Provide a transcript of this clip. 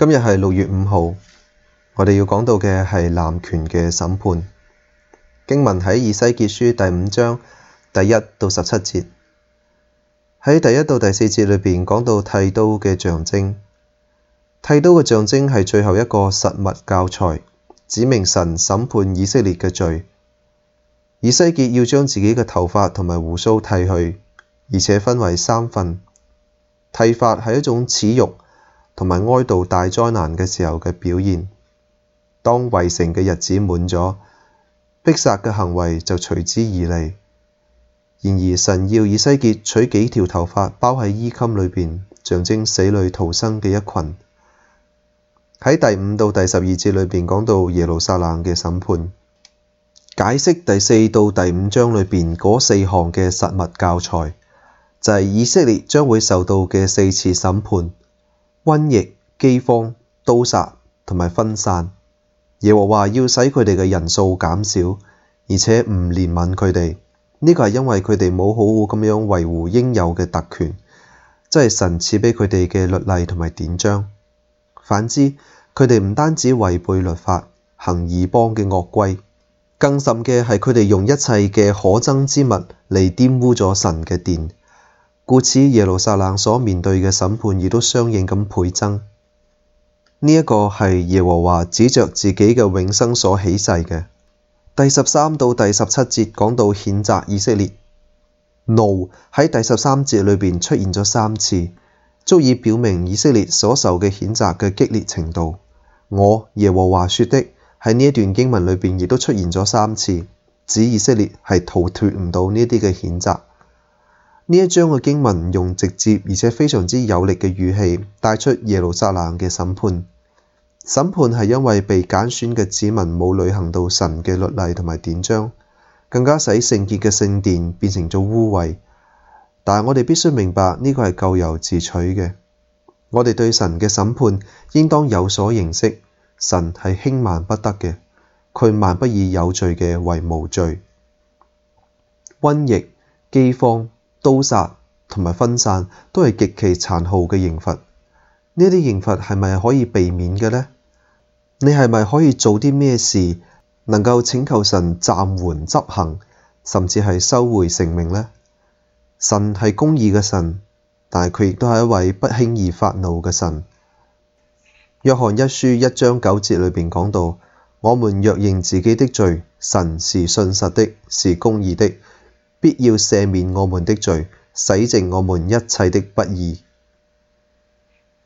今日係六月五號，我哋要講到嘅係濫權嘅審判。經文喺以西結書第五章第一到十七節，喺第一到第四節裏邊講到剃刀嘅象徵，剃刀嘅象徵係最後一個實物教材，指明神審判以色列嘅罪。以西結要將自己嘅頭髮同埋鬍鬚剃去，而且分為三份，剃髮係一種恥辱。同埋哀悼大災難嘅時候嘅表現，當圍城嘅日子滿咗，逼殺嘅行為就隨之而嚟。然而神要以西結取幾條頭髮包喺衣襟裏邊，象徵死裡逃生嘅一群。喺第五到第十二節裏邊講到耶路撒冷嘅審判，解釋第四到第五章裏邊嗰四項嘅實物教材，就係、是、以色列將會受到嘅四次審判。瘟疫、饑荒、刀殺同埋分散，耶和華要使佢哋嘅人數減少，而且唔憐憫佢哋。呢個係因為佢哋冇好好咁樣維護應有嘅特權，即係神賜畀佢哋嘅律例同埋典章。反之，佢哋唔單止違背律法，行異邦嘅惡規，更甚嘅係佢哋用一切嘅可憎之物嚟玷污咗神嘅殿。故此，耶路撒冷所面對嘅審判亦都相應咁倍增。呢一個係耶和華指着自己嘅永生所起誓嘅。第十三到第十七節講到譴責以色列。怒喺、no、第十三節裏邊出現咗三次，足以表明以色列所受嘅譴責嘅激烈程度。我耶和華說的喺呢一段經文裏邊亦都出現咗三次，指以色列係逃脫唔到呢啲嘅譴責。呢一章嘅經文用直接而且非常之有力嘅語氣帶出耶路撒冷嘅審判。審判係因為被揀選嘅子民冇履行到神嘅律例同埋典章，更加使聖潔嘅聖殿變成咗污穢。但係我哋必須明白呢、這個係咎由自取嘅。我哋對神嘅審判應當有所認識，神係輕慢不得嘅，佢萬不以有罪嘅為無罪。瘟疫、饑荒。刀殺同埋分散都係極其殘酷嘅刑罰，呢啲刑罰係咪可以避免嘅呢？你係咪可以做啲咩事，能夠請求神暫緩執行，甚至係收回成命呢？神係公義嘅神，但係佢亦都係一位不輕易發怒嘅神。約翰一書一章九節裏邊講到：我們若認自己的罪，神是信實的，是公義的。必要赦免我們的罪，洗淨我們一切的不義。